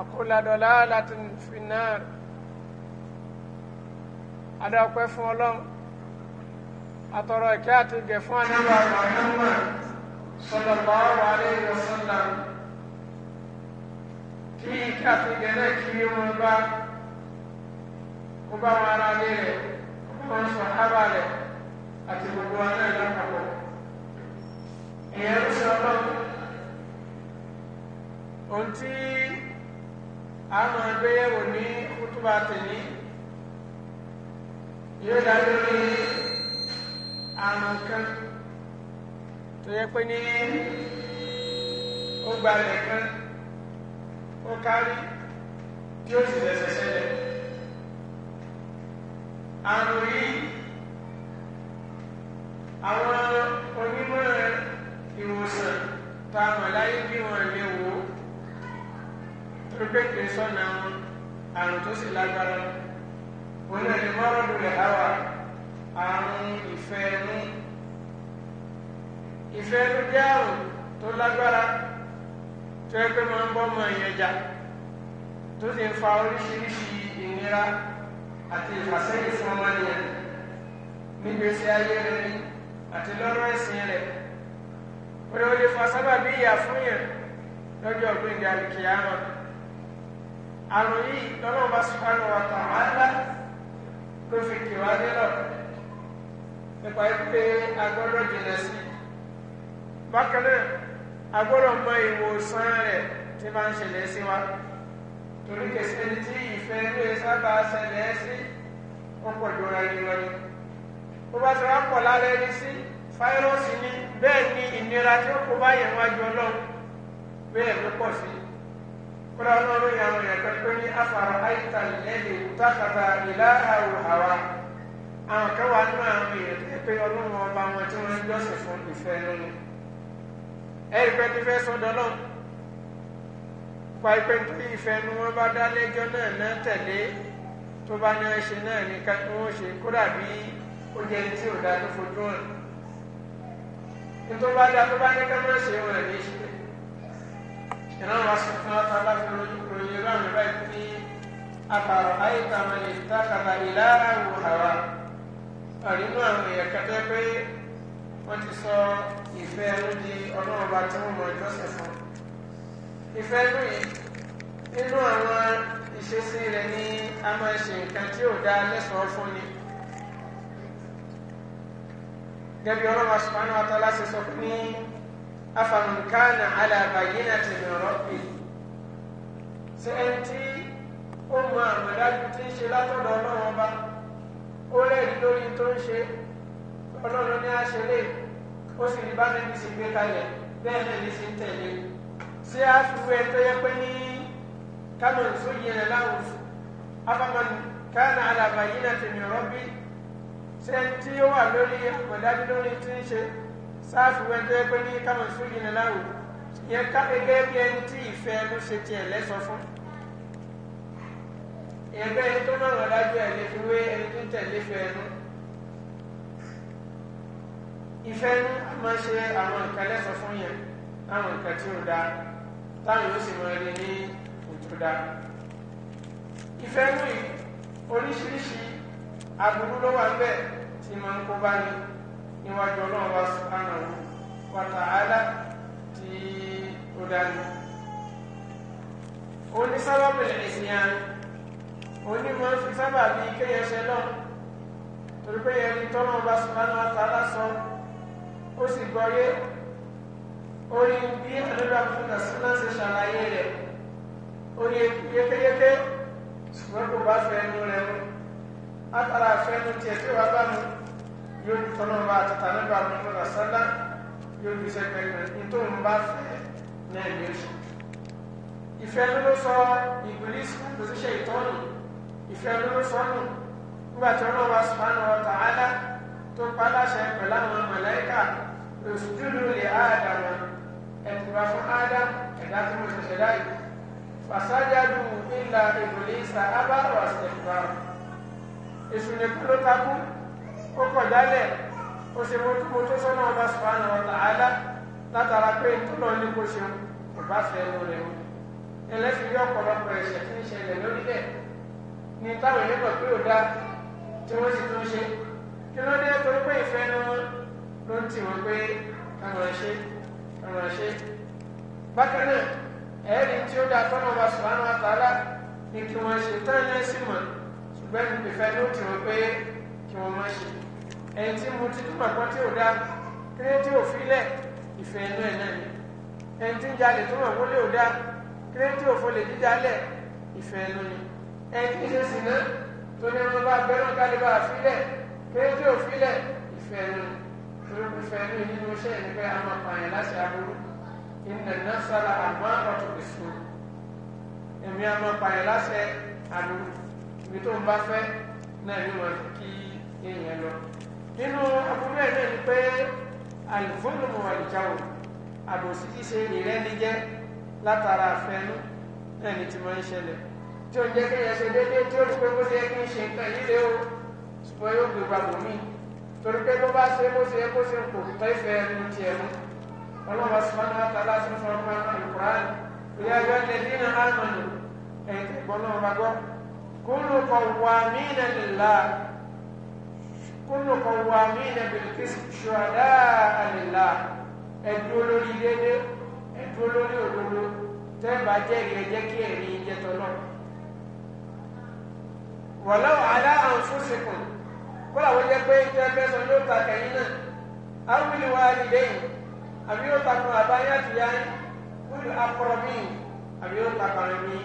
akula ضلالة في النار adáwọ̀pẹ́ fún ọlọ́run àtọ̀rọ̀ ìkẹ́ àti ìgẹ̀ fún àníwá Muhammad sallallahu alayhi wa sallam kí ìkẹ́ àti ìgẹ̀ náà kí wọn bá kó bá sọ ábà rẹ̀ àti gbogbo wọn náà lápapọ̀ ìyẹn ń a máa gbéyẹ̀wò ní kútúbà tèmi yóò dá lórí àrùn kan tó yẹ pé ní ó gbalẹ̀ kan ó kárí tí ó sì lẹ́sẹ̀ sẹ́lẹ̀ àrùn yìí àwọn onímọ̀ ìwòsàn tá a mọ̀ láyé bí wọ́n lè wò ó pípéke sọ́nà àrùn tó sì lágbára wọn náà ní mọ́rọ́dù rẹ̀ háwà àrùn ìfẹ́ ẹnu ìfẹ́ ẹnu jẹ́ àrùn tó lágbára tó yẹ pé máa ń bọ́ ọmọ ìyẹn jà tó sì ń fa oríṣiríṣi ìnira àti ìfàsẹ́yìn fún ọmọnìyàn nígbèsè ayé rẹ̀ àti lọ́rọ̀ ẹ̀sìn rẹ̀ ó lè fa sábàbí ìyà fún yẹn lọ́jọ́ ọ̀gbìn ìdí àlùkìyàmọ̀ àròyé ìdánwò bá sùpánù wa tà á ńlá tó fi kì wá nílọ nípa pé a gbọ́dọ̀ jìnà sí i bákan náà a gbọ́dọ̀ mọ ìwòsàn rẹ̀ tí máa ń ṣẹlẹ̀ sí wa torí kẹsẹ̀ tí ìfẹ́ ló yẹ sábà ṣẹlẹ̀ sí wọ́n pọ̀ jọra ẹni lọ ni ó bá sọ wọ́n pọ̀ lára ẹni sí fáírọ́ọ̀sì ni bẹ́ẹ̀ ni ìnira tí ó kó báyẹn wájú ọlọ́run bẹ́ẹ̀ ló pọ̀ sí i kódà ọlọ́run yà wọn yàtọ̀ pé ní afárá àìsàn lẹ́yìn ìwúdàkàtà ìlà àrùn àwa àwọn kan wà nínú àwọn èèyàn tó pé ọlọ́run ọba wọn tí wọ́n ń jọ́sìn fún ìfẹ́ nínú ẹ̀rí pé kí fẹ́ sọ́dọ̀ náà pa ipe tó ìfẹ́ nu wọn bá dá lẹ́jọ́ náà náà tẹ̀lé tó bá ní ṣe náà ní ká wọ́n ṣe kódà bí ó jẹ́ tí ò dá tó fojú hàn nítorí bá dá tó bá ní ká má ṣe wọn ní ṣe ìran wa sọ fún ata bá fi ròyìn irú àmì báyìí ní apàrọ̀ àyíká máa lè ta kàtà ìlà àwò àwa àrínú àwọn èèyàn kẹtẹ pé wọ́n ti sọ ìfẹ́ ẹnu di ọlọ́run bá tí wọ́n mọ ìjọsìn fún ìfẹ́ ẹnu yìí nínú àwọn ìṣesí rẹ̀ ni a máa ṣe nǹkan tí ò dá lẹ́sọ̀ọ́ fún sọ fún ní afaman kana ala bayyinati min rabbi ṣe ẹni tí ó mọ àmọ̀dájú tí ń ṣe látọ̀dọ̀ ọlọ́run ọba ó rẹ́ẹ̀rí lórí tó ń ṣe ọlọ́run ní àṣẹlé ó sì rí bánẹ́bí sì gbé kalẹ̀ bẹ́ẹ̀ náà ní sí ń tẹ̀lé ṣé a fi wẹ́ tó yẹ pé ní kámẹ́rù tó yẹ rẹ̀ láwùn afaman kana ala bayyinati min rabbi ṣe ẹni tí ó wà lórí àmọ̀dájú lórí tí ń ṣe sáàsì wẹ́n tó yẹ pé ní káwọn ìṣòyí ni láwù yẹn ká gẹ́gẹ́ bí ẹni tí ìfẹ́ ló ṣe tiẹ̀ lẹ́sọ fún ẹgbẹ́ ẹni tó náà rájú ẹ̀ lè fi wé ẹni tó ń tẹ̀lé fẹ́ ẹnu ìfẹ́ ní a máa ṣe àwọn nǹkan lẹ́sọ fún yẹn láwọn nǹkan tí ó dáa táwọn yóò sì máa rí ní òtún dáa ìfẹ́ ní oríṣiríṣi aburú ló wà ń bẹ̀ tí máa ń kó bá ní níwájú ọlọ́run wa subhanahu wa ta'ala tí ó dání. onísábàbí ìsìnyàn onímọ̀ fi sábà bí kéèyàn ṣe lọ́n torí pé yẹn ní tọ́lọ́run wa subhanahu wa ta'ala sọ ó sì gbọ́yé orí bí àdúrà fún kàṣínà ṣe ṣàlàyé rẹ̀ orí yékéyéké ṣùgbọ́n kò bá fẹ́ ẹnu rẹ̀ mú látara fẹ́ tiẹ̀ tí wàá bá mu yóò ju tọ́lọ́mọ bá àti tànàbà mọ́tò sálá yóò ju sẹ́gbẹ̀ẹ́ ní tó ń bá fẹ́ náà ní oṣù. ìfẹ́ ló ló sọ ìgbìlísì kò sí ṣe ìtọ́nù ìfẹ́ ló ló sọ nù nígbà tí ọlọ́wọ́ asùpánù ọ̀tà ádá tó pa láṣẹ pẹ̀lú àwọn mọ̀lẹ́kà òṣùdúró lè áàdà wọn ẹ̀kúra fún ádá ẹ̀dá tó mọ̀ ṣẹ̀ṣẹ̀ láì fàṣájádù ìlà ìgbìlísà ábáwọ̀ àṣẹ̀kúra èṣù nìkú ló takú ó kọ̀ jálẹ̀ ó ṣe mojúmo tó sọ́nà ọba sùpánà ọ̀tà àdá látara pé ìtúnà ní kò ṣe kò bá fẹ́ ẹnu rẹ̀ mu ẹlẹ́sìn bí ọ̀pọ̀lọpọ̀ ẹ̀ṣẹ̀ tí ń ṣẹlẹ̀ lórílẹ̀ ní táwọn ènìyàn pé ò dá tí wọ́n sì tún ṣe kí ló dé torí pé ìfẹ́ ni wọ́n ló ń tì wọ́n pé kàwọn ṣe kàwọn ṣe bákan náà ẹ̀ẹ́dì tí ó dáa tọ́nà ọba sùpánà ọ̀tà àdá ní kí wọ́n ṣe tán ní ẹ̀sìn mọ̀ ṣùgbọ́n ló tì wọ́n pé kí wọ́n má ṣe ẹni tí mo ti túmọ̀ kan tí ò dáa kílé tí ò filẹ̀ ìfẹ́ ẹnu ẹ̀ náà ni ẹni tí ń jalè tó mọ̀ wọlé ò dáa kílé tí ò folè jíjalẹ̀ ìfẹ́ ẹnu ni ẹni tí ń ṣe sìnà tó ní ẹni bá bẹ́rù kálí bá filẹ̀ kílé tí ò filẹ̀ ìfẹ́ ẹnu ni torí mo fẹ́ ẹnu yìí ni mo ṣe ẹni pé a máa pààyàn láti aburú ìnà náà sára àmọ́ ọ̀tún kò èmi a máa pààyàn láti aburú ibi tó ń bá fẹ́ náà ni mo kí èèyàn lọ nínú aburú ẹ̀ náà ni pé àlùfóònù àìjáwò àbòsí ṣíṣe ìrẹ́nijẹ́ látara àfẹnú náà ni ti máa ń ṣẹlẹ̀ tí ó ń jẹ́ kéèyàn ṣe déédéé tí ó rí pé bó ṣe yẹ kí n ṣe nǹkan yìí lé o ṣùgbọ́n yóò gbé gbàgbọ́ mi torí pé bó bá ṣe bó ṣe yẹ kó ṣe kò pé ìfẹ́ ẹnu tiẹ̀ mú ọlọ́wọ́ sọ́nà àtàlà tó fún ẹnu ìkùrán ìyá ẹjọ́ ní ẹbí náà á náà bá gbọ́ kúlù kọ̀ wà mí nà kúnnù qawwamina bil qist shuhada'a lillah ẹ̀dúró lórí déédéé ẹ̀dúró lórí òdodo tẹ́ẹ̀bà jẹ́rìí ẹ jẹ́ kí ẹ̀rí jẹ́tọ̀ náà. walau ala anfusikum kó làwọn jẹ́ pé tẹ́ẹ̀fẹ́ sọ yóò ta kẹ́yìn náà awil walidayn àbí yóò ta kan àbáyé àtìyáyé wíwú akọrọmí àbí yóò ta kan mi.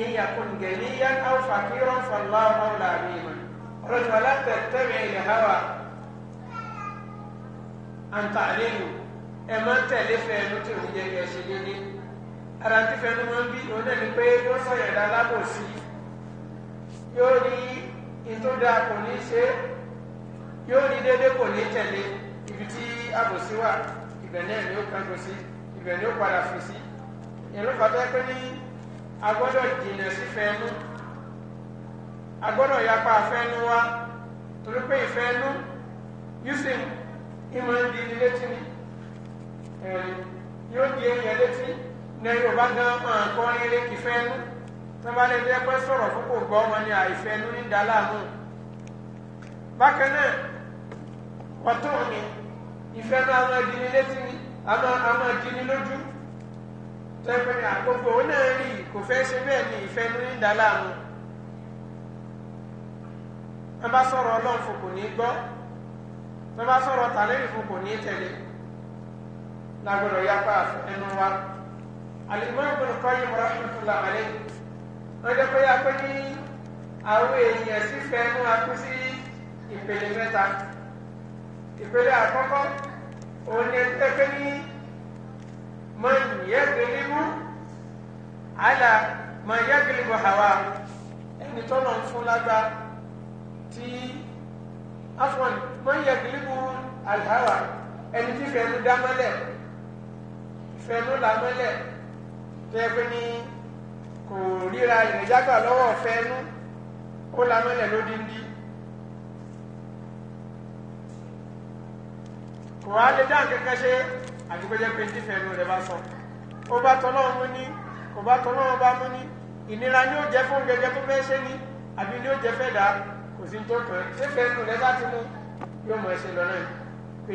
in yakun ganiyan aw faqiran fallahu awla bihima ọlọ́run wà látẹ̀tẹ̀rẹ̀ ilẹ̀ hawa àǹtà àlélu ẹ máa ń tẹ̀lé fẹ́ ẹnu tí òun jẹ́ kẹ́ ṣe dédé ara tí fẹ́ ló máa ń bí òun náà ni pé wọ́n sọ̀yàn dá lábòsí yóò ní ìtòdà kò ní ṣe yóò ní dédé kò ní tẹ̀lé ibi tí àbòsí wà ibẹ̀ náà ni ó kanjú sí ibẹ̀ ni ó padà fi sí ìlú fàtẹ́ pé ní agbọ́dọ̀ jìnnà sí fẹ́ ẹnu. a yapa Afenuwa/ wa torí pé ìfẹ́nu yusuf ìmọ̀ ń di létí ni yóò di èèyàn létí ní yorùbá gan máa kọ́ nílé ìfẹ́nu tó bá lè dẹ́pẹ́ sọ̀rọ̀ fún kò gbọ́ wọn ni àìfẹ́nu ní dàlámù bákan náà ni àwọn létí ni àwọn lójú náà rí kò fẹ́ ṣe bẹ́ẹ̀ ni wọ́n bá sọ̀rọ̀ ọlọ́run fún kò ní gbọ́ wọ́n bá sọ̀rọ̀ tàlẹ́rì ní tẹ̀lé lágbọ́dọ̀ yapa ẹnu wa Al-Imam Ibn Qayyim rahmatullahi alayhi wọ́n jẹ́ pé apẹ́ ní àwọn èèyàn sífẹ́ ẹnu apẹ́ sí ìpele mẹ́ta ìpele àkọ́kọ́ òun ni ẹgbẹ́ pé ní man yaglibu ala man yaglibu hawa ẹni tọ́lọ̀ ń fún lágbára tí afọn máa ń yẹ kìlíbù àlàwà ẹni tí fẹnu dá mọ́lẹ̀ fẹnu là mọ́lẹ̀ tó yẹ pé ní kò ríra ìrẹ̀jágbà lọ́wọ́ fẹnu ó là mọ́lẹ̀ lódindi. kò wá lè dá nǹkan kan ṣe àdúgbò jẹ́ pé tí fẹnu rẹ̀ bá sọ ó bá tọ́lọ́run mú ní kò bá tọ́lọ́run bá mú ní ìnira ni ó jẹ́ fún gẹ́gẹ́ tó fẹ́ ṣe ní àbí ni ó jẹ́ fẹ́ dáa kò sí tó kàn án ṣé pẹ̀lú rẹ bá ti mú yóò mọ̀ ẹsẹ̀ lọ́nà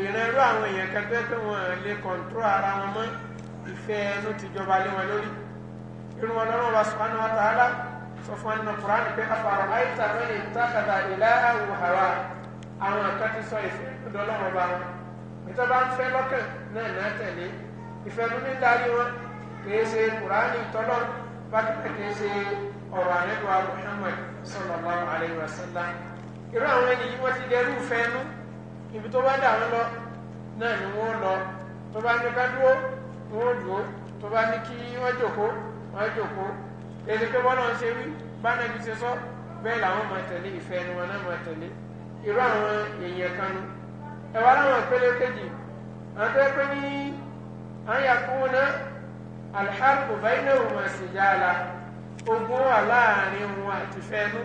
ìran irú àwọn èèyàn kan tó pé wọn lè kọ̀ǹtró ara wọn mọ́ ìfẹ́ ẹnu ti lé wọn lórí irun wọn lọ́wọ́ wa subhanahu wa ta'ala sọ fún ẹnu kuraani pé afárá ayé tàbí ní takàdá ìlà àwọn àwa àwọn kan ti sọ ìfẹ́ lọ́dọ̀ lọ́wọ́ bá wọn nítorí bá ń fẹ́ lọ́kàn náà náà tẹ̀lé ìfẹ́ ló darí wọn kì ṣe kuraani tọ́lọ́ bá kì ṣe ọ̀rọ̀ àlẹ́wà Muhammad sallallahu alayhi wa sallam irú àwọn ẹni yìí wọ́n ti dẹrú fẹ́nu ibi tó bá dà wọ́n lọ náà ni wọ́n lọ tó bá ní ká dúró wọ́n dúró tó bá ní kí wọ́n jòkó wọ́n jòkó èdè pé wọ́n náà ṣe wí bánà ju ṣe sọ bẹ́ẹ̀ làwọn máa tẹ̀lé ìfẹ́ ẹnu wọn náà máa tẹ̀lé irú àwọn èèyàn kan nu ẹ̀wà láwọn ìpele kejì àwọn tó pé ní àwọn yàkúnná alḥarbu baynahuma sijala. ogun wà láàrin òun àti fẹnu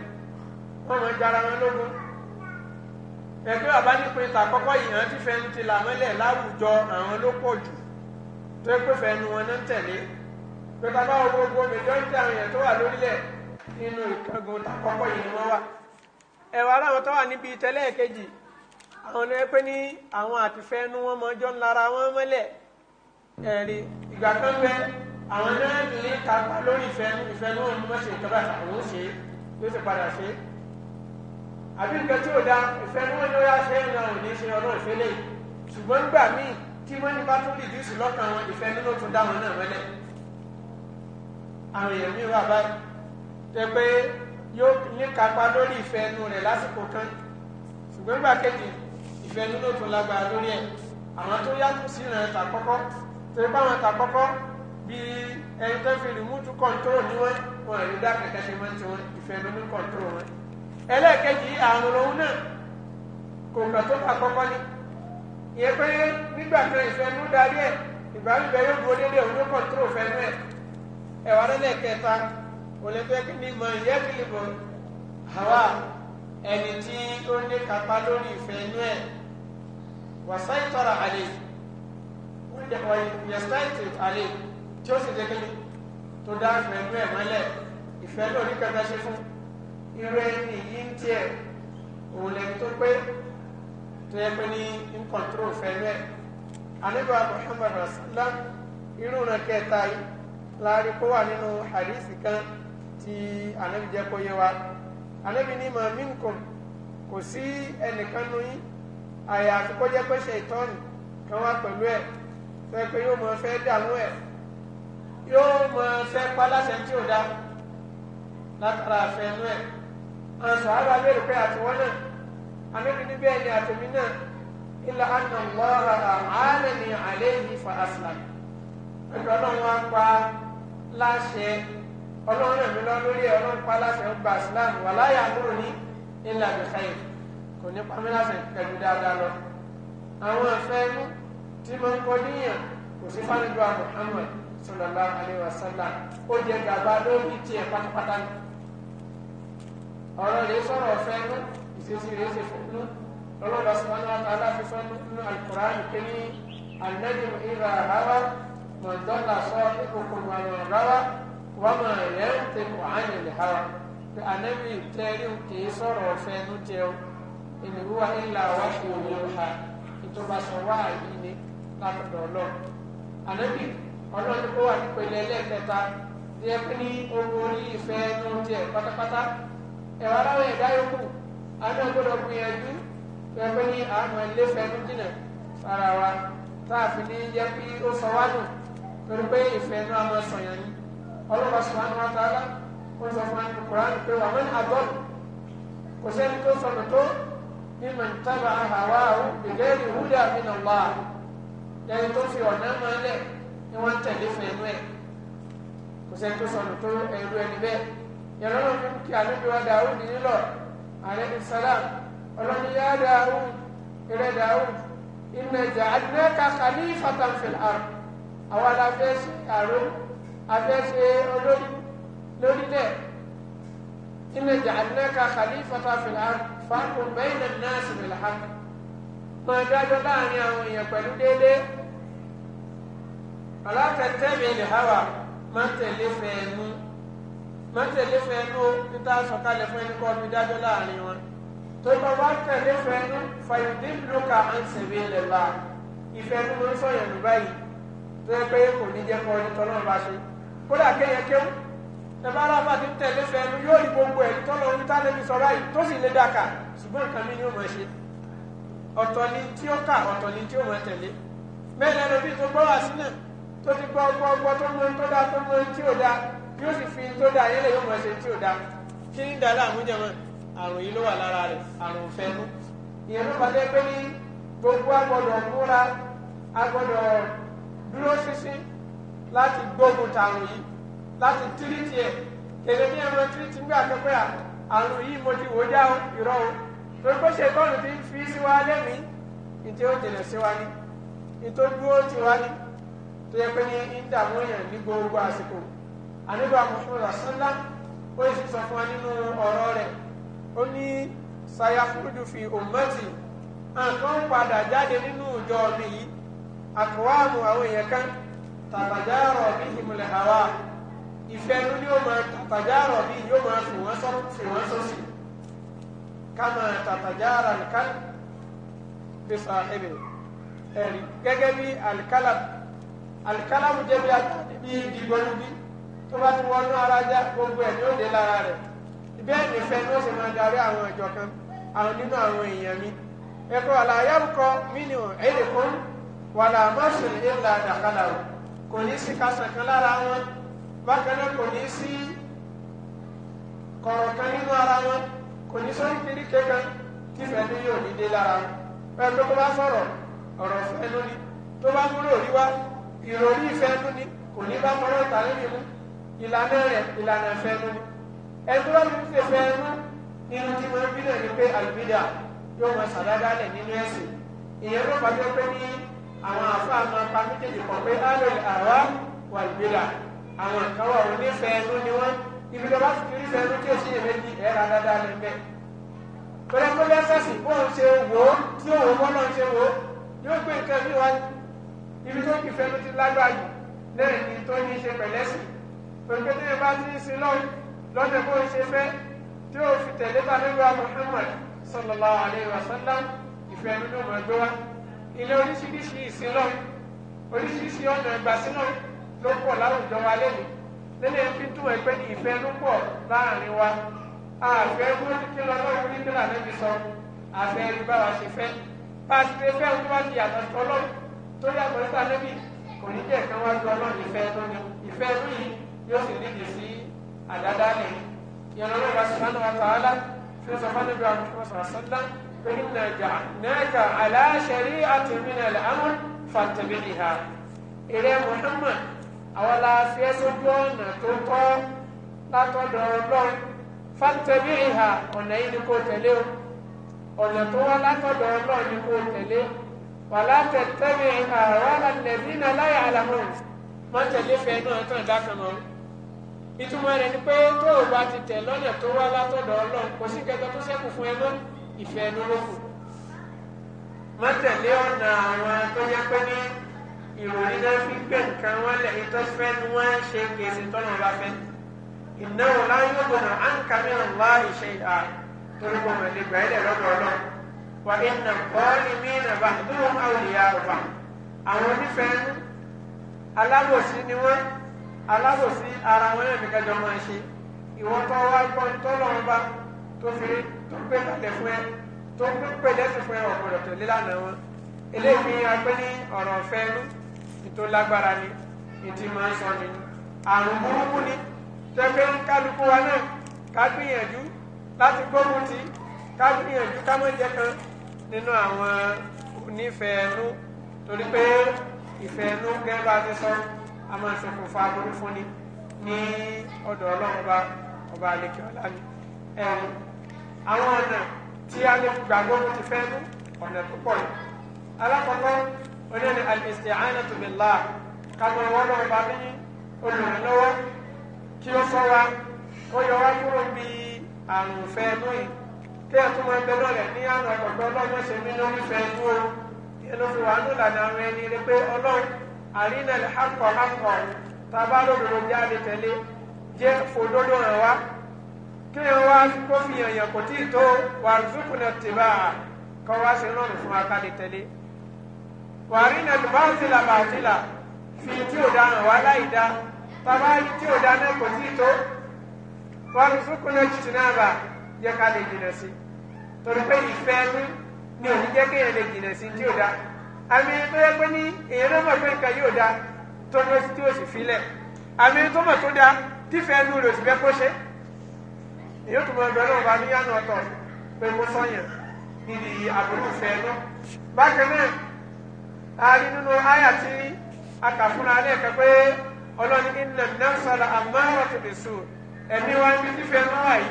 wọn máa gbára wọn lógun tàkọ́kọ́ ìyàn tí fẹnu ti là mọ́lẹ̀ láwùjọ àwọn ló pọ̀ jù tó pé fẹnu wọn náà tẹ̀lé gbogbo mẹjọ́rìtì àwọn èèyàn tó wà lórílẹ̀ nínú ìkángun tàkọ́kọ́ wà tó wà níbi àwọn náà ní kápá lórí ìfẹ́ ìfẹ́ ní òun mọ̀ṣe ìjọba àwọn ṣe yóò sì padà ṣe àbí nǹkan tí ò da ìfẹ́ ní òun lóyà ṣe ìrìnà òun ní ṣe ọdún ìfẹ́lẹ̀ ṣùgbọ́n nígbà míì tí wọ́n ní bá tún lè dín sí lọ́kàn wọn ìfẹ́ nínú tún dá wọn náà mọ́lẹ̀ àwọn èèyàn mi wà báyìí tẹ pé yóò ní kápá lórí ìfẹ́ rẹ̀ lásìkò kan ṣùgbọ́n nígbà bí ẹni tó fi remote control ní wọn wọn àrí dákẹ́kẹ́ ṣe máa ń ti wọn ìfẹ́numí control wọn ẹlẹ́ẹ̀kejì àrùn lòun náà kò kà tó kà kọ́kọ́ ni ìyẹn pé nígbà kan ìfẹ́nu darí ẹ̀ ìbáwíbẹ̀ yóò dúró déédéé òun ló control fẹ́nu ẹ̀ ẹ̀wà lẹ́lẹ́kẹta olùkẹ́kẹ́ ní mọ ìyẹ́ kìlìbọ̀ àwa ẹni tí ó ní kápá lórí ìfẹ́nu ẹ̀ wàsáìtọ̀rọ̀ àlè wọ́n yẹ tí ó sì dé kíni tó dá pẹ̀lú ẹ̀ mọ́lẹ̀ ìfẹ́ lórí kẹfẹ́ ṣe fún irú ẹni yìí ń tiẹ̀ òun lẹni tó pé tó yẹ pé ní ń kọ̀ǹtúrò fẹ́lú ẹ̀ àníbà Muhammad rasulillah irú rẹ̀ kẹta yìí láàrin kó wà nínú hadisi kan tí ànábi jẹ́ kó yé wa ànábi ní ma minkum kò sí ẹnìkan nu yín àyàfi kó jẹ́ pé ṣe ìtọ́ni kan wá pẹ̀lú ẹ̀ tó pé yóò mọ fẹ́ dààmú ẹ̀ yóò máa fẹ́ pa láṣẹ tí ò dá látara àfẹnú ẹ̀ àǹsọ̀ àbá lérò pé àtiwọ́n náà anábì níbẹ̀ ni àtẹ̀mí náà ilà àná lọ́ra àánẹ̀ ni àlẹ́ yìí fa aslam ẹ̀dọ́ náà wọ́n á pa láṣẹ ọlọ́run ẹ̀mí lọ lórí ẹ̀ ọlọ́run pa láṣẹ ń gba islam wà láyà múrò ní ilà bìkáyè kò ní pamí láṣẹ pẹ̀lú dáadáa lọ àwọn àfẹnú tí mo ń kọ́ níyàn kò sí fánidọ́ àmọ̀ àmọ̀ ẹ̀ sallallahu alayhi wa sallam ó jẹ gàba lórí tiẹ̀ pátápátá ni ọ̀rọ̀ rẹ̀ sọ̀rọ̀ fẹ́ nú ìṣesí rẹ̀ ṣe fún nú lọ́lọ́dọ̀ subhanahu wa ta'ala fi fẹ́ nú alukur'an kìíní an-najmu idha hawa man dalla sahibukum wa ma gawa wa ma yantiqu 'anil hawa pé anabi tẹ́rí kìí sọ̀rọ̀ fẹ́ nú tiẹ̀ o in huwa illa wahyun yuha ìjọba sọ wáyé ni látọ̀dọ̀ ọlọ́run anabi ọlọ́run kó wà nípele ẹlẹ́ẹ̀kẹta ní ẹkún ní ogun orí ìfẹ́ ẹnu tiẹ̀ pátápátá ẹ̀wọ̀n aláwọ̀ ẹ̀dá yòókù àánú ọgbọ́dọ̀ gbìyànjú ẹkún ní àánú ẹlẹ́fẹ̀ẹ́nu jìnà fara wa tá a fi ní yẹ kí ó sọ wá nù torí pé ìfẹ́ ẹnu àmọ́ sọ̀yàn ni ọlọ́run subhanahu wa ta'ala ó sọ fún ẹnu Qur'an pé wà mọ́ni àgọ́lù kò sẹ́ni tó sọnù tó mímọ̀ tábà àhàwá òun bìgẹ́rì húdà min Allah ni wọ́n ń tẹ̀lé fún ẹnu ẹ̀ kò sẹ́ni tó sọnù tó ẹ̀rú ẹni bẹ́ẹ̀ yàrá ló fi kí àlejò wa dàrú ní nílọ ààrẹ ìsàlám ọlọ́ni yá dàrú ìrẹ dàrú inna ja'alnaka khalifatan fil ard àwọn aláfẹ́ ṣe àrò afẹ́ ṣe olórí lórílẹ̀ inna ja'alnaka khalifatan fil ard fahkum bayna an-nas bil haqq máa dájọ́ láàrin àwọn èèyàn pẹ̀lú déédéé aláàtẹ̀tẹ̀mí lè háwà má tẹ̀lé fẹ́ẹ́nu má tẹ̀lé fẹ́ẹ́nu níta sọ̀kalẹ̀ fún ẹni kọ́ mi dájọ́ láàrin wọn tó bá wá tẹ̀lé fẹ́ẹ́nu fàyọ̀dé lóka à ń sẹ̀mí lè bá ìfẹ́nu ló ń sọ̀yàn nù báyìí tó yẹ pé kò ní jẹ́ kọ́ ẹni tọ́lọ́ bá ṣe kódà kéèyàn kéwù ẹ̀bá aláfa ti ń tẹ̀lé fẹ́ẹ́nu yóò rí gbogbo ẹ̀rí tọ́lọ́ ń tálẹ́ mi sọ báyìí tó sì lé dàkà ṣùgbọ́n nǹkan mi ni ó máa ṣe ọ̀tọ̀ ni tí ó kà ọ̀tọ̀ ni tí ó máa tẹ̀lé bẹ́ẹ̀ lẹ́nu bí tó gbọ́ wá sí náà tó ti gbọ́ gbọ́ gbọ́ tó mọ tó dáa tó tí ò fi tó dáa yẹlẹ yóò mọ ṣe tí ò dáa kí ń dá láàmú jẹ mọ́ àrùn yìí ló wà lára rẹ̀ àrùn ìfẹ́ ìyẹn ló máa ní gbogbo agbọdọ múra dúró ṣinṣin láti gbógun yìí láti tírìtì kèlè ní tírìtì àrùn yìí mo ti wò já o torí pé ti fi tó yẹ pé ní ń dààmú èèyàn ní gbogbo àsìkò àníbà mọ̀fún ràṣánlá ó sì sọ fún wa nínú ọ̀rọ̀ rẹ̀ ó ní sayafurudu fi ummati nǹkan padà jáde nínú ìjọ mi yìí àkọwáàmù àwọn èèyàn kan tàbàjáàrọ̀ bí ìmùlẹ̀ àwa ìfẹ́nu ni ó máa tàbàjáàrọ̀ bí yóò máa fi wọ́n sọ fi wọ́n sọ sí kama tàbàjáàrọ̀ nìkan bí sọ àhẹ́bẹ̀ ẹ̀rí gẹ́gẹ́ bí alikálàbù alikalamu jẹbi bí ìdìgbọnubi tó bá ti wọnú arajà gbogbo ẹ ní òde lára rẹ bẹ́ẹ̀ nífẹ̀ẹ́ ní ó sì máa darí àwọn ìjọ kan àwọn nínú àwọn èèyàn mi ẹkọ àlàyárúkọ mílíọ̀n ẹ̀ẹ́dẹ̀kún wàlà mọ́sùn ìlà dàkàlàwò kò ní sí kásán kan lára wọn bákan náà kò ní sí kọ̀rọ̀ kan nínú ara wọn kò ní sọ́rí kiri kankan tífẹ̀ẹ́ ní yóò ní dé lára wọn ẹgbẹ́ tó bá sọ̀rọ̀ ọ̀rọ̀ fẹ́ lórí tó bá múlò rí wá ìròrí ìfẹ́nu ni kò ní bá mọ́rọ́ ìtàlẹ́ mi mú ìlànà rẹ̀ ìlànà ìfẹ́nu ni ẹgbẹ́ wọn ti fi fẹ́nu nínú tí wọ́n bí náà ni pé àlùbídà yóò mọ sàdáadáa lẹ̀ nínú ẹ̀sìn ìyẹn ló pàdé pé ní àwọn àfáà máa pa méjèèjì pọ̀ pé alẹ́ àwa wà àlùbídà àwọn kan wà onífẹ́nu ni wọ́n ibi tó bá ti rí fẹ́nu tí ó sì yẹ méjì ẹ̀ rà dáadáa lẹ́ bẹ́ẹ̀ pẹ̀lú pé bóun ṣe wò ó tí òun mọ́ náà ṣe wò ó yóò gbé nǹkan bí wàá ibi tó kì fẹ́nu ti lágbàáyé náà ni tó ní í ṣe pẹ̀lẹ́sì pẹ̀lú tó yẹ bá ti ń sin lọ́run lọ́dẹ bó ń ṣe fẹ́ tí ó fi tẹ̀lé tàbíwá Muhammad sallallahu alayhi wa sallam ìfẹ́ ẹnu ló máa gbé wá ilé oríṣiríṣi ìsin lọ́run oríṣiríṣi ọ̀nà ìgbà sínú ló pọ̀ láwùjọ wa lẹ́nu lẹ́nu ẹ̀ fi tún ẹgbẹ́ ní ìfẹ́ ẹnu pọ̀ láàrin wa àfẹ́ múlùkí lọ́lọ́run ní kílà lẹ́bi sọ àfẹ́ rí báwa ṣe fẹ́ bá a ti fẹ́ fẹ́ ọdún wá ti yàtọ̀ tọ́lọ́run tó yàtọ̀ nípa níbi kò ní jẹ́ kán wá ju ọlọ́run ìfẹ́ tó ní ìfẹ́ tó yìí yóò sì níbi sí àdádálẹ̀ ìrànlọ́wọ́ bá sùpánù wa tààlà tí wọ́n sọ fún níbi àwọn ìfọwọ́sọ àsọ́dá pé nínú ẹja nẹ́ẹ̀ka aláṣẹrí àtẹ̀mínà lẹ́hàmùn fàtẹ̀mínì ha èrè Muhammad àwọn aláṣẹ sójú ọ̀nà tó tọ́ látọ̀dọ̀ ọlọ́run fàtẹ̀mínì ha ọ̀nà yìí ni kò tẹ̀lé ọ̀nà tó wá látọ̀dọ̀ ọlọ́run ni kò tẹ̀lé wàlá tẹ̀tẹ̀mí àwọn ẹ̀dínà ni pé tó o bá ti tẹ̀ lọ́nà tó wá látọ̀dọ̀ ọlọ́run kò sí kẹta tó sẹ́kù fún ẹ mọ́ ìfẹ́ àwọn tó yẹ pé ní ìròyìn náà fi gbẹ̀ nǹkan wọn lẹ̀ ètò ni wọ́n ń ṣe kèsì tọ́nà bá fẹ́ ìnáwó láyé gbọ̀nà à ń kàmí ọ̀nà wá ìṣe وإن الظالمين بعضهم أولياء بعض àwọn onífẹ̀ẹ́nu alábòsí ni wọ́n alábòsí ara wọn yẹn nìkan jọ máa ń ṣe ìwọ́n tó wá gbọ́ tọ́lọ́run bá tó fi tó gbé kalẹ̀ fún ẹ tó gbé pẹ̀lẹ́sì fún ẹ ọ̀gbọ̀dọ̀ tó lílànà wọn eléyìí fi hàn pé ní ọ̀rọ̀ ọ̀fẹ́nu ètò lágbára ni ètò máa ń ni àrùn burúkú ni tẹ́gbẹ́ ń kálukú wa náà ká gbìyànjú láti gbógun tì ká gbìyànjú ká mọ̀ jẹ́ kan nínú àwọn onífẹ̀ẹ́nú torí pé ìfẹ̀ẹ́nú gẹ́gẹ́ bá ti sọ a máa ṣokùnfà aburú fún ni ní ọ̀dọ̀ ọlọ́run bá ọba àlekè ọ̀la ni ẹ̀rù àwọn ọ̀nà tí a lè gbàgbọ́ ti fẹ́ mú ọ̀nà púpọ̀ ni alákọ̀ọ́kọ́ oní ni al-isti'anatu billah kàmú ìwọ́n náà bá ní olùrànlọ́wọ́ kí ó sọ wa ó yọ wá kúrò bí àrùn fẹ́ lóyìn tẹ́ ẹ̀ tó máa bẹ lọ́rẹ̀ ní àná ọ̀pọ̀ ọlọ́run ṣe mí lórí fẹ́ẹ́nú o ẹnu fi wà nù lànà àwọn ẹni rẹ pé ọlọ́run àrínà hakọ̀ hakọ̀ tábà lòdòdó jẹ́ àlè tẹ̀lé jẹ́ fòdodo hàn wá kí ni wá kó fi yànyàn kò tí ì tó wàrúfùkùnà tìbà kọ́ wá sí rọrùn fún akálẹ̀ tẹ̀lé wàrínà bàtìlà bàtìlà fi tí ò dáná wá láì dá tábà tí ò dáná kò tí tó wàrúfùkùnà jìtìnàbà jẹ́ ká lè jìnà sí torí pé ìfẹ́ ní ni òní jẹ́ kéèyàn lè jìnà sí tí ò da àmì tó yẹ pé ní èèyàn náà mọ̀ pé nǹkan yóò da tó ló tí ó sì filẹ̀ àmì tó mọ̀ tó da tífẹ́ nu rẹ̀ sì fẹ́ kó ṣe èyí tó mọ ẹgbẹ́ náà bá níyànjú ọ̀tọ̀ pé mo sọ̀yàn níbi àbúrò ìfẹ́ náà bákan náà a rí nínú àyà tí a kà fúnra lẹ́ẹ̀kan pé ọlọ́ni ìnànà sọ̀rọ̀ àmọ́ ọ̀tún lè sùn ẹ̀mí wa ń bí tífẹ́ náà wáyé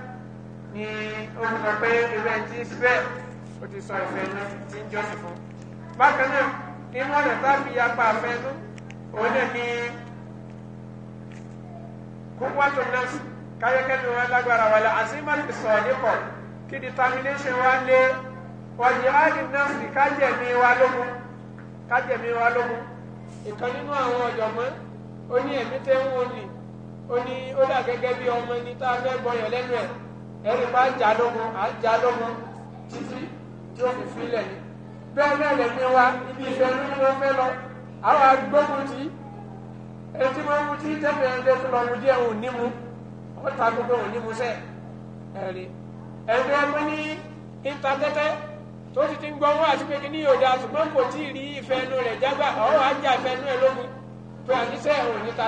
ni ó ti sọ pé irú ẹni tí ń ṣe bẹ́ẹ̀ ó ti sọ ìfẹ́ ní ti ń jọ́sìn fún. bákan náà nínú ọ̀nà tá a fi yapa àfẹnú òun náà ni kúkwàtò nọ́ọ̀sì káyọ̀kẹ́ni wọn lágbára wàlá àzímọ̀tì sọ̀ọ́dẹ́kọ̀ kí determination wa lé wàjú áàdì nọ́ọ̀sì kájẹ̀mí wa lógún kájẹ̀mí wa lógún ìkan nínú àwọn ọ̀jọ̀gbọ́n ó ní ẹ̀mí tẹ́ ń wò ní ó ní ó dà gẹ́gẹ́ bí ọmọ ẹni tá a fẹ́ bọyọ̀ lẹ́nu ẹ̀ ẹ̀rí pa àjálógún àjálógún títí tí ó fi filẹ̀ ni bẹ́ẹ̀ náà lẹ́mí wa ibi ìfẹ́ ni wọ́n fẹ́ lọ àwọn tí etí wọn mú tí tẹ́fẹ̀ tó lọ mú díẹ̀ ní mu wọ́n ta mu sẹ́ ẹ̀rí ẹ̀rí ní ìtàtẹ́tẹ́ tó ti ti ń pé yóò ṣùgbọ́n kò tí ì rí rẹ̀ ẹ̀ lógun pé ta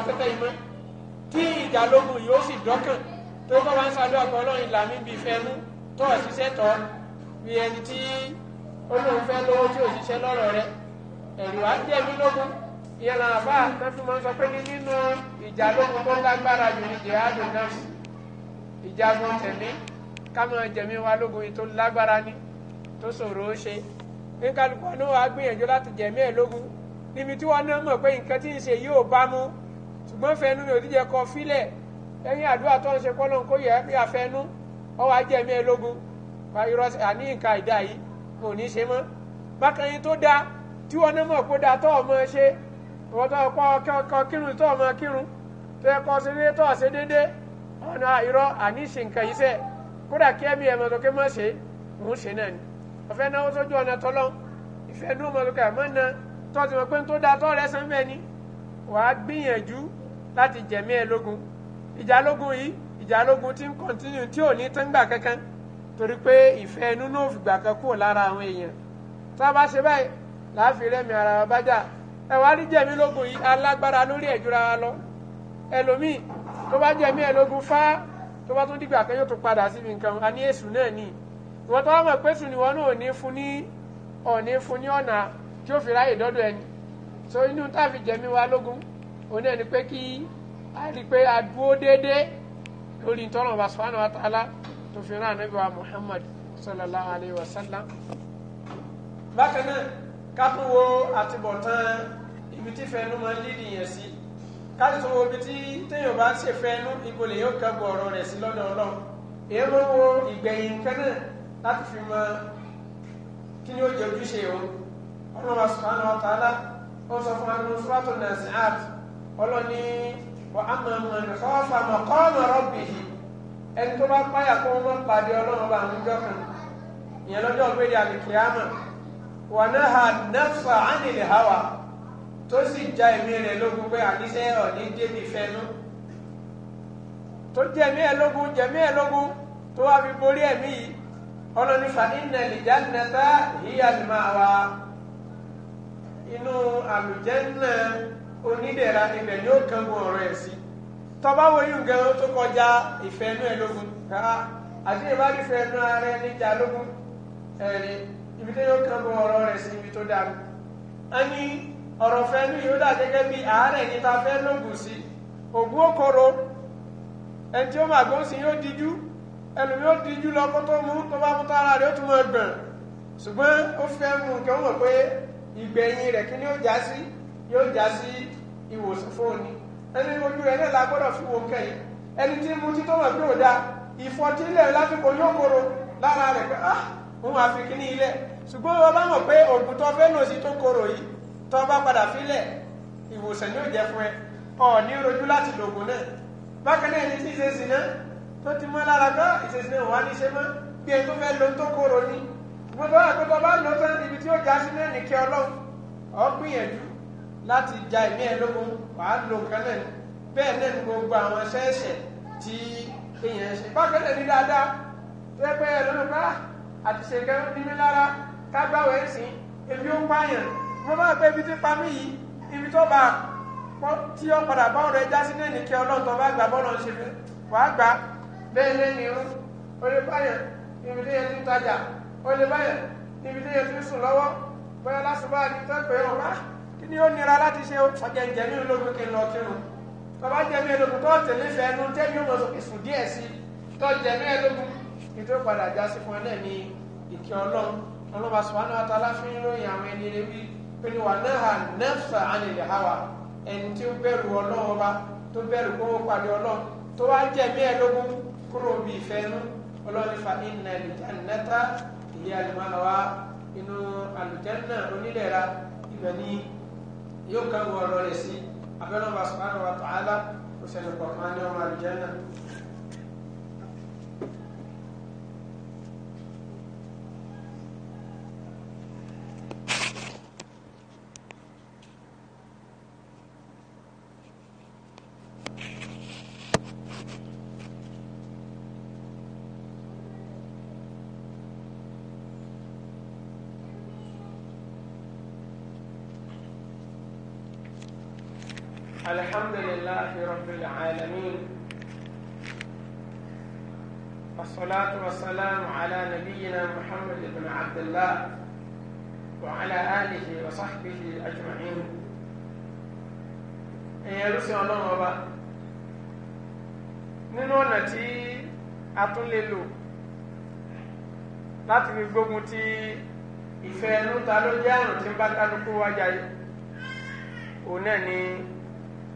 tẹ́tẹ́ tó bá wá ń ṣàdúrà pé ọlọ́run ìlà mi bì fẹ́ mú tọ́ ṣiṣẹ́ tọ́ bí ẹni tí olóhùn fẹ́ lówó tí ò ṣiṣẹ́ lọ́rọ̀ rẹ ẹ̀rù wá jẹ́ mí lógún ìyẹn làwọn àbá tó fi máa ń sọ pé ní nínú ìjà lógun tó lágbára jù ní jihadu náà ìjagun tẹ̀mí ká máa jẹ̀mí wa lógun yìí tó lágbára ní tó ṣòro ó ṣe ní kálukú ọ̀nà wa gbìyànjú láti jẹ̀mí ẹ̀ lógun níbi tí wọ́n náà mọ̀ pé nǹkan tí ń ṣe yóò bá mú ṣùgbọ́n fẹ́ẹ́ nínú òdíjẹ kọ fílẹ̀ ẹ̀yìn àdúrà tó ń ṣe kọ́ lóhun kó yẹ bí afẹ́nú ọwọ́ ajé mi lógún àní nǹkan ìdá yìí kò ní ṣe mọ́ bákan yìí tó dáa tí wọn náà mọ̀ pé dáa tó ọmọ ṣe ìwọ́n tó kọ́ kírun tó ọmọ kírun tó yẹ kọ́ ṣe déédé tó ṣe déédé ọ̀nà irọ́ àní ṣe nǹkan yìí sẹ́ kódà kí ẹ̀mí ẹ̀ mọ̀tòkè mọ̀ ṣe òun ṣe náà ni ọ̀fẹ́ náà ó tójú ọ̀nà tọ́lọ́ ìfẹ́ nú mọ̀tòkè mọ̀ náà tó ti mọ̀ pé tó dáa tó rẹ̀ sàn ni wàá gbìyànjú láti jẹ̀mí ẹ̀ lógun ìjálógun yìí ìjálógun tí ń kọ́ntínú tí ò ní tán gbà kankan torí pé ìfẹ́ inú náà fìgbà kan kúrò lára àwọn èèyàn tá bá ṣe báyìí láàfin rẹ́mi ara wa bájà ẹ wá rí jẹ̀mí yìí alágbára lórí ẹ̀júra wa lọ ẹlòmíì tó bá jẹ̀mí ẹ fá tó bá tún yóò tún padà síbi nǹkan a ní èṣù náà tó wá ni wọn náà ò ní fún ní fún ní ọ̀nà tí a rí i pé a dúró déédéé lórí ntọ́nà ọba subhanahu wa ta'ala tó fi rán ànábì muhammad sallallahu alayhi wa sallam. bákan náà ká tún wo àtibọ̀tán ibi tí fẹ́ẹ́nu máa ń lídìí yẹn sí ká sì tún wo ibi tí téèyàn bá ń ṣe fẹ́ẹ́nu ibo lè yóò kẹ́bọ̀ ọ̀rọ̀ rẹ̀ sí lọ́dọ̀ ọlọ́run èyí ló ń wo ìgbẹ̀yìn nǹkan náà láti fi mọ kí ni ó jẹ ojúṣe òun ọlọ́run subhanahu wa ó sọ fún wa nínú وأما من خاف mọ ẹni kọ́ fàmọ́ kọ́ ọmọ rọ́bì yìí ẹni tó bá páyà kó wọ́n pàdé ọlọ́run bá ń jọ kan ìyẹn lọ́jọ́ gbéde àlìkìyàmà wọ́n náà hà nẹ́fà ánìlè hàwà tó sì já ẹ̀mí rẹ̀ lógún pé àníṣe ọ̀ní débi fẹ́nu tó jẹ̀mí ẹ̀ lógún jẹ̀mí ẹ̀ lógún tó wá fi borí ẹ̀mí yìí ọlọ́ni fa iná lìjánata híyàlùmáwa inú àlùjẹ́ náà. onídẹ̀ra níbẹ̀ ni ó kángun ọ̀rọ̀ ẹ̀ sí wo yìí gan tó kọjá ìfẹ́ inú ha lógun àti ìbá nífẹ̀ẹ́ inú ara ẹ̀ níjà lógun ẹ̀rí ibi tó yóò kángun ọ̀rọ̀ rẹ̀ sí ibi tó dára a ní ọ̀rọ̀ fẹ́ inú yóò dà gẹ́gẹ́ bí àárẹ̀ ní ta fẹ́ lógun sí okoro ẹni tí ó máa sí yóò díjú ẹlòmí díjú tó mú tó bá mú ara rẹ̀ ó tún mọ gbọ̀n ṣùgbọ́n ìwòsàn fóònù ẹni ojú rẹ̀ náà la gbọ́dọ̀ fi wo nǹkan yìí ẹni tí mo ti tó mọ̀ pé ò dáa ìfọ̀tílẹ̀ lásìkò yóò kóró lára rẹ̀ pé ah òun àfi kíní ilẹ̀ ṣùgbọ́n wọn bá mọ̀ pé òògùn tó fẹ́ lò sí tó kóró yìí tó bá padà fílẹ̀ ìwòsàn yóò jẹ́ fún ẹ ọ̀ọ́ni rojú láti lògùn náà bákan náà ẹni tí ṣe sí náà tó ti mọ́ lára gbọ́ ah, ìṣesí náà wà ní ṣe mọ́ bí ẹni tó fẹ́ lo tó kóró ní gbogbo àgbẹ̀bọ̀ bá lọ tán ibi tí ó já sí náà ní kí ọlọ́run ọ̀ gbìyànjú láti ja ìmí ẹ lógun wàá lo nǹkan náà ni bẹ́ẹ̀ náà ni gbogbo àwọn ẹsẹ̀ẹsẹ̀ tí èèyàn ṣe bákan náà ní dáadáa tó yẹ pé ẹ lọ́nà bá àti ṣe nǹkan ní mi lára ká gbáwọ̀ ẹ̀ sìn èmi ó pààyàn mo máa pẹ́ ibi tí pa mí yìí ibi tó bá tí ó padà bá ọ̀rọ̀ ẹja sí náà kí ọlọ́run tó bá gbà bọ́ọ̀lù ṣe fi wàá gbà bẹ́ẹ̀ lé irun ó lè pààyàn ibi tí yẹn ti ń ó lè pààyàn ibi tí yẹn ti sùn lọ́wọ́ bóyá lásùbáà ní tó kí ni ó nira láti ṣe ọjà ìjẹ̀mí ológun kí n lọ kírun bàbá jẹ̀mí ológun tó tẹ̀lé fẹ́ ẹnu tẹ́mi ó mọ̀ ìsùn díẹ̀ sí tó jẹ̀mí ológun nítorí padà já sí fún ẹ ní ìkẹ́ ọlọ́run ọlọ́ba sùnwánà àtàlà fi ń ròyìn àwọn ẹni rẹ wí pé ní wà náà nẹ́fà ànilẹ̀ hàwà ẹni tí ó bẹ̀rù ọlọ́run ọba tó bẹ̀rù kówó pàdé ọlọ́run tó wá jẹ̀mí yóò kàn wọ ọ̀rọ̀ rẹ̀ sí abẹ́rẹ́ wa subhanahu wa ta'ala kò sẹ́ni kọ̀ọ̀kan ní ọmọ àlùjẹ́ náà. الحمد لله رب العالمين والصلاة والسلام على نبينا محمد بن عبد الله وعلى آله وصحبه أجمعين ẹ̀yin ẹlúsìn ọlọ́run ọba nínú ọ̀nà tí a tún lè lò láti fi gbógun ti ìfẹ́ ẹnu ta ló jẹ́ àrùn tí ń bá kálukú wájà yìí òun náà ni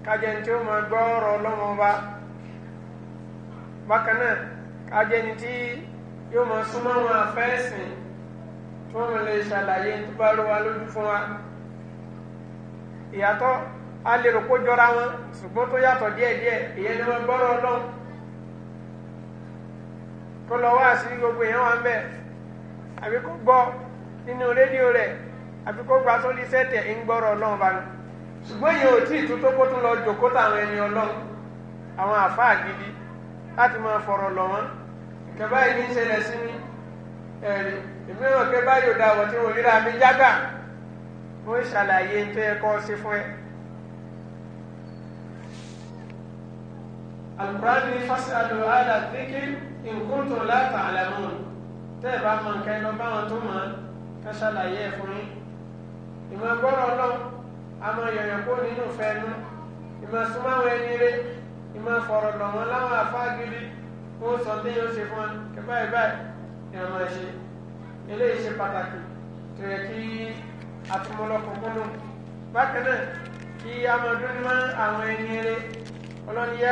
kájẹni tí ó máa gbọ́ ọ̀rọ̀ ọlọ́mọba bákan náà kájẹni tí yóò máa súnmọ́ wọn àfẹ́sìn tí wọ́n lè ṣàlàyé tó bá rú wa lójú fún wa ìyàtọ̀ a lè rò kó jọra wọn ṣùgbọ́n tó yàtọ̀ díẹ̀díẹ̀ ìyẹn ni wọ́n gbọ́rọ̀ ọlọ́run kó lọ wá sí gbogbo èèyàn wa ń bẹ̀ àbí kó gbọ́ nínú rédíò rẹ̀ àbí kó gbà sórí sẹ́tẹ̀ ń gbọ́rọ̀ ọlọ́run bá ṣùgbọ́n yìí ò tí ì tún tó kó tún lọ jòkó táwọn ẹni ọlọ́run àwọn àfáà gidi láti máa fọ̀rọ̀ lọ̀ wọ́n nǹkan báyìí ní í ṣẹlẹ̀ sí mi ẹ̀rí èmi náà pé da àwọ̀ tí mo ríra mi jágbà mo ń ṣàlàyé tó yẹ kó ṣe fún ẹ. alukurani fas'alu ala dhikri in kuntum la ta'lamun tẹ́ ẹ bá mọ nǹkan ẹ lọ bá wọn tó mọ̀ ká ṣàlàyé ẹ fún yín ìmọ̀ gbọ́dọ̀ ọlọ́run. àmọ́ yọ̀yàn kó nínú fẹ́nu ìmọ̀ súnmọ́ àwọn ẹni rẹ̀ ìmọ̀ fọ̀rọ̀ lọ̀ wọ́n sọ tí yóò ṣe fún wọn kí báyìí pataki ni a máa ṣe eléyìí ṣe pàtàkì ama a máa dúró mọ́ àwọn ẹni rẹ̀ ọlọ́niyá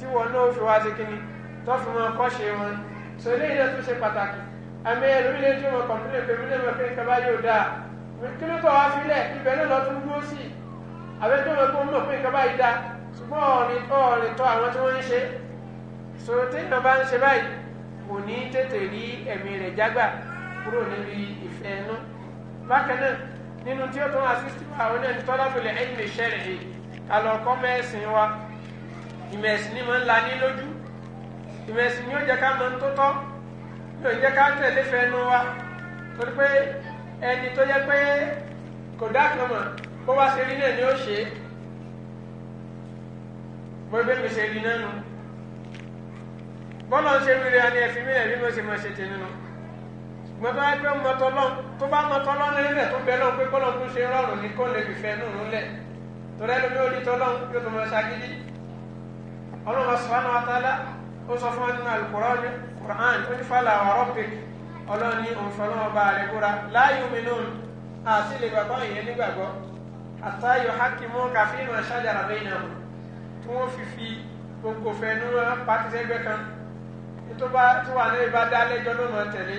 tí wọn náà fi wá sí kíni tó fi wọn kọ́ ṣe wọn sọ eléyìí náà tún ṣe pàtàkì àmì ẹlòmí lè tún wọn kọ̀m̀púlẹ̀ pé mílẹ̀ mọ̀ pé nǹkan bá yóò dáa kí ló tọ̀ wá sílẹ̀ ibẹ̀ náà lọ́ tún dúró sí i àbẹ tó wọn kó mọ̀ pé nǹkan bá yìí ṣùgbọ́n ọ̀rìn ọ̀rìn tọ́ àwọn tí wọ́n ń ṣe sọ téèyàn bá ń ṣe báyìí kò ní tètè rí ẹ̀mí rẹ̀ jágbà kúrò níbi ìfẹ́ inú bákan náà nínú tí ó tún àṣìṣe àwọn ẹni tọ́lá tó ẹ̀yìn lè ṣẹlẹ̀ yìí kálọ̀ kọ́ wa ìmọ̀ ẹ̀sìn ni máa ń la ní lójú ìmọ̀ ẹ̀sìn ni ó jẹ́ ká mọ̀ ń tó tọ́ yóò jẹ́ ká tẹ̀lé fẹ́nu wa torí pé ẹni tó yẹ pé kò dá kan mọ̀ bó wá ṣe rí náà ni ó ṣe é bó gbé mi ṣe rí náà nù bọ́lá ń ṣe rí rẹ̀ ni ẹ̀fín mi ẹ̀rí mi ó ṣe máa ṣe tèmi nù mo bá gbé mọtọlọ́n tó bá mọtọlọ́n lẹ́lẹ́ tó bẹ lọ́n pé bọ́lọ́n tó ṣe rọrùn ní kó lè fìfẹ́ nù nù lẹ̀ torí ẹlòmíì onítọ́lọ́n yóò tó máa ṣagídí ọlọ́run subhanahu wa ta'ala ó sọ fún wa nínú alukur'an ó ní fàlà wa rabbik ọlọ́run ní òun fọlọ́ ọba rẹ̀ búra la yu'minun àti lè gbàgbọ́ ìyẹn nígbàgbọ́ hatta yuhakkimuka fima shajara bainahum tí wọ́n fi fi gbogbo fẹnu pàtí sẹ́gbẹ́ kan tó wà ní ibà dá lẹ́jọ́ ló mọ̀ tẹ̀lé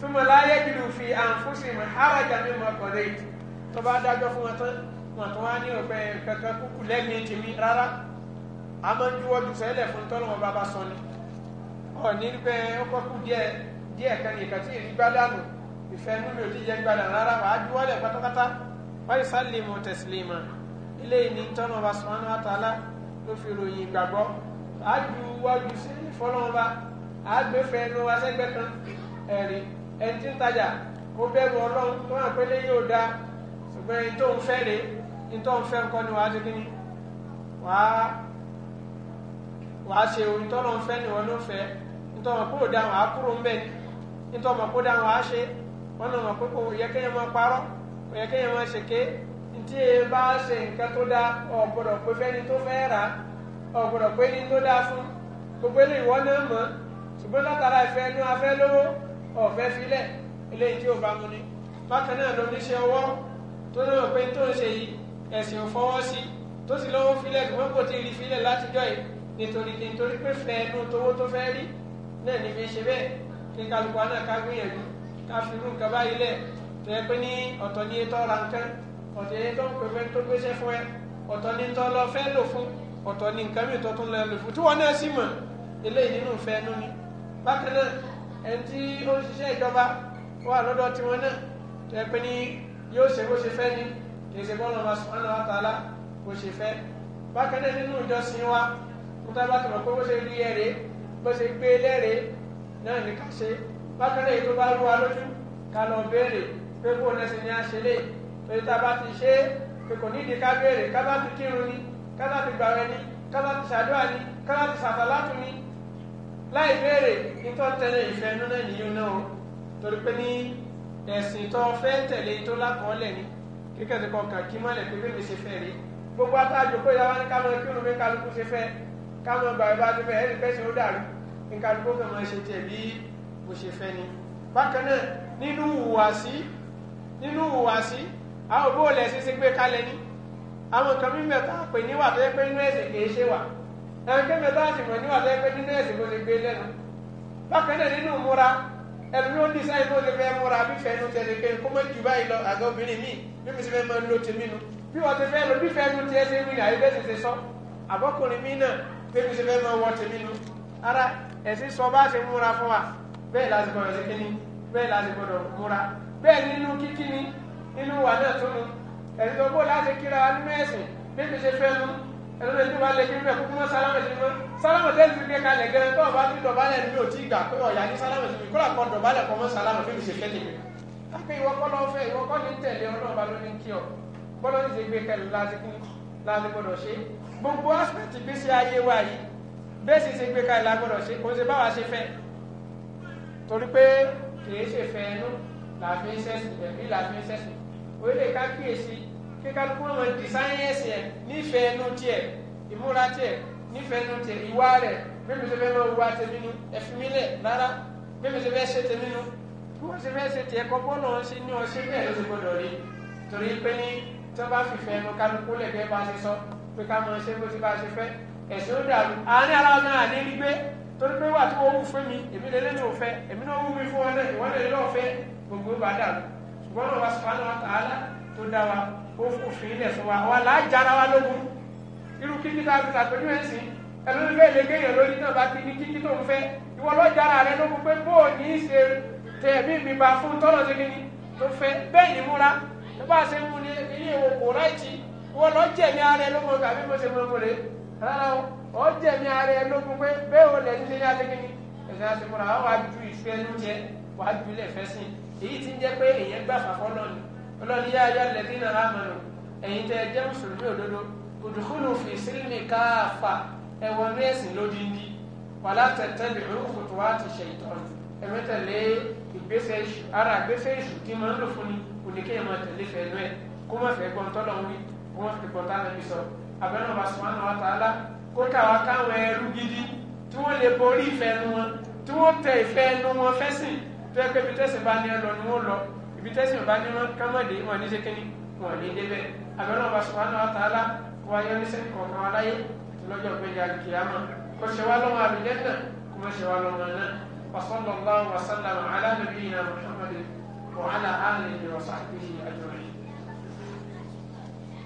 súnmọ́ láyé jùlọ fi anfusihim harajan mimma qadayt tó bá dájọ́ fún wọn tán wọn tó wá ní ọ̀pẹ kankan kúkú lẹ́gbẹ̀ẹ́ tèmi rárá a máa ń juwọ́jú sẹ́lẹ̀ fún tọ́lọ́wọ́ bàbá sọ ni ọ̀ ní pé ó kọ́kù díẹ̀ díẹ̀ kan nìkan tí èyí gbádànù ìfẹ́ inú mi ò ti jẹ́ gbádànù rárá wàá juwọ́lẹ̀ pátápátá wáyé sálìmù tẹ̀sílìmù ilé ìní tọ́lọ́wọ́ sọ́nà àtàlá ló fi ròyìn ìgbàgbọ́ a juwọ́jú sí fọlọ́wọ́ba a gbẹ́fẹ́ inú wa sẹ́gbẹ́ kan ẹ̀rí ẹni tí ń tajà ó bẹ̀rù ọlọ́run tó hàn pé léyìn ò dáa ṣùgbọ́n ẹni tó ń fẹ́ rèé ẹni tó ń fẹ́ ńkọ́ ni wàá ti kíni wàá wàá ṣe ohun tọ́lọ́ ń fẹ́ ni wọ́n ló fẹ́ nítorí kúrò dáhùn á kúrò ń bẹ̀ nítorí kó dáhùn ṣe wọ́n náà mọ̀ pé kò yẹ máa parọ́ kò yẹ máa ṣèké e bá ṣe nǹkan tó dáa ọ̀gbọ̀dọ̀ pé fẹ́ni tó fẹ́ rà pé tó fún gbogbo náà mọ̀ ṣùgbọ́n látara ìfẹ́ inú afẹ́ lówó filẹ̀ eléyìí tí ò bá mu ni nítorí kí nítorí pé fẹ́ inú tówó tó fẹ́ rí náà ní fi ṣe bẹ́ẹ̀ kí kálukú àná ká gbìyànjú ká fi irú nǹkan báyìí lẹ̀ tó yẹ pé ní ọ̀tọ̀ ní etọ́ ra nǹkan ọ̀tọ̀ ní etọ́ pé fẹ́ tó gbéṣẹ́ fún ẹ ọ̀tọ̀ ní tọ́ lọ fẹ́ lò fún ọ̀tọ̀ ní nǹkan mi tó tún lọ lò fún tí wọ́n náà sì mọ̀ eléyìí nínú ìfẹ́ inú ni bákan náà ẹni tí ó ń ṣiṣẹ́ ìjọba wà lọ́dọ̀ tiwọn náà tó yẹ pé ní yóò ṣe bó ṣe fẹ́ ni kì í ṣe bọ́ọ̀lù ọba subhanahu wa ta'ala bó ṣe fẹ́ bákan náà nínú ìjọsìn wa mo tá a bá ti mọ̀ pé bó ṣe rí ẹ̀rẹ́ bó ṣe gbé lẹ́rẹ́ náà ní ká ṣe bákan náà èyí tó bá rú wa lójú ká lọ béèrè pé kó nẹ́sẹ̀ ni a ṣe lè torí tá a bá ti ṣe é pé kò nídìí ká béèrè ká bá ti kírun ni ká bá ti gbàwẹ̀ ni ká bá ti ṣàdúrà ni ká bá ti ṣàtàlátù ni láì béèrè nítorí tẹ́lẹ̀ ìfẹ́ nínú ẹ̀nìyàn náà torí pé ní ẹ̀sìn tó fẹ́ tẹ̀lé tó lákọọ́lẹ̀ ni kíkẹ́ ti kọkàn kí mọ́lẹ̀ pé bí mi ṣe fẹ́ rí gbogbo atájò pé ìyá wa ní kálọ̀ kí òun kálukú ṣe fẹ́ káwọn ọgbà ẹbá tó bẹ́ẹ̀ ẹni pẹ́sẹ̀ ó dàrú nǹkan tó kàn máa ṣe tiẹ̀ bí mo ṣe fẹ́ ni bákan náà nínú ìhùwàsí nínú ìhùwàsí àwọn òbó olè ṣeéṣe gbé kalẹ̀ ní àwọn nǹkan mímọ̀ tá a pè níwà tó yẹ pé nínú ẹ̀sìn kì í ṣe wà ẹ̀rọ kẹ́mẹ́ tó àti mọ̀ níwà tó yẹ pé nínú ẹ̀sìn kò lè gbé lẹ́nu bákan náà nínú ìmúra ẹ̀rọ ló ń dísáyìn bó ṣe fẹ́ múra bí fẹ́nu tẹ̀lé pé kó mọ̀ jù báyìí lọ àgọ́ obìnrin míì bí mi ṣe fẹ́ máa ń lo tèmi nu bí wọ́n ti fẹ́ lo bí fẹ́nu tiẹ̀ ṣe ni ní àyè bẹ́ẹ̀ ṣe sọ àbọ́kùnrin míì náà bébí ṣe fẹ́ mọ wọ́n tèmi nu ara ẹ̀sìn sọ bá ṣe múra fún wa bẹ́ẹ̀ láti gbọ́dọ̀ ṣe kíni bẹ́ẹ̀ láti gbọ́dọ̀ múra bẹ́ẹ̀ nínú kíkí ni inú wa náà tún nu ẹ̀sìn tó bó láti kíra wa nínú ẹ̀sìn bébí ṣe fẹ́ nu ẹ̀sìn tó bá lè kí nínú ẹ̀kú mọ́ sálámẹ̀ sí mọ́ sálámẹ̀ tẹ́sí fi gbé kalẹ̀ gẹ́rẹ́ tó o bá fi dọ̀bálẹ̀ ní o ti gbà pé ọ̀yà ní sálámẹ̀ sí mi kó làkọ́ dọ̀bálẹ̀ kọ́ mọ́ sálámẹ̀ bébí ṣe fẹ́ tèmi gbogbo aspect gbèsè ayé wa yìí bẹ́ẹ̀ ṣe gbé kalẹ̀ lágbọ́dọ̀ ṣe kò ṣe báwa ṣe fẹ́ torí pé kìí ṣe fẹ́ ẹnu làfin ṣẹ̀sìn ẹ̀mí làfin ṣẹ̀sìn orílẹ̀ ká kíyèsí kí kálukú wọn di sáyẹ́ǹsì ẹ̀ nífẹ̀ẹ́ ẹnu tiẹ̀ ìmúra tiẹ̀ nífẹ̀ẹ́ ẹnu tiẹ̀ ìwà rẹ̀ mímu ṣe fẹ́ lọ wá tèmi nu ẹ̀fí mi lẹ̀ rárá mímu ṣe fẹ́ ṣe tèmi nu bí wọ́n ṣe fẹ́ ṣe tiẹ̀ kọ́ bọ́ọ̀lù wọn ṣe ní ọ ṣe bẹ́ẹ̀ ló ṣe gbọ́dọ̀ rí torí pé ní tí wọ́n bá fìfẹ́ ẹnu kálukú lẹ̀ kẹ́ bá ṣe sọ pé ká máa ṣe bó ti bá ṣe fẹ́ ẹ̀sìn ó dàrú àárín ara ọ̀nà àní rí gbé torí pé wà tí wọ́n wù fún mi èmi lélẹ́ mi ò fẹ́ èmi náà wù mí fún wọn lẹ́yìn wọ́n lè lọ́ọ́ fẹ́ gbogbo bá dàrú ṣùgbọ́n náà wà sùpánù àtàlà tó dá wa ó fòfin ilẹ̀ fún wa wà láàjára wa lógun irú kíkí tá a fi tàpéjú ẹ̀ sìn ẹlòmí bẹ́ẹ̀ lè géèyàn lórí náà bá ti ní kíkí tó ń fẹ́ ìwọ lọ́jàrá rẹ lógun pé bó o ní í ṣe tẹ ẹ̀mí mi bá fún tọ́lọ̀ tó kíni tó fẹ́ bẹ́ẹ̀ ni wọ́n lọ jẹ̀mí ara ẹ lógun kàbí mo ṣe mọ mo rè rárá o ọ jẹ̀mí ara ẹ lógun pé bẹ́ẹ̀ o lẹ̀ nílé yá lẹ́gbẹ̀ẹ́ ni ẹ̀sìn àti fúnra wọn wá ju ìfẹ́ ló jẹ wá ju ilé ẹ̀fẹ́ sí èyí ti ń jẹ́ pé èyàn gbà fàfọ́ lọ́ni ọlọ́ni yá ayá lẹ́bí náà amanu ẹ̀yin tẹ́ ẹ jẹ́ mùsùlùmí òdodo udkhulu fi sílmi káàfà ẹ̀wọ̀n ní ẹ̀sìn lódindi ní kéèyàn máa tẹ̀lé kó má fẹ́ gbọ́n tọ́lọ́ wí wọ́n fi pọ̀ táwọn ẹbí sọ abẹ́rẹ́ ọba sùnmọ́nà wa tààlà kó káwa káwọn ẹrú gidi tí wọ́n lè borí ìfẹ́ nu wọn tí wọ́n tẹ ìfẹ́ nu wọn fẹ́sìn tó yẹ pé ibi tẹ́sìn bá ní ẹ lọ ni wọ́n lọ ibi tẹ́sìn bá ní wọn kámọ́dé wọn ní sékéni wọn ní débẹ̀ abẹ́rẹ́ ọba sùnmọ́nà wa tààlà kó wáyé oníṣẹ́ kọ̀ọ̀kan aláyé lọ́jọ́ gbẹ̀dẹ̀ àkìyàmọ́ kó ṣe wá lọ́wọ́ àbíjẹ́ náà kó má ṣe wá lọ́wọ́ náà وصلى الله وسلم على نبينا محمد وعلى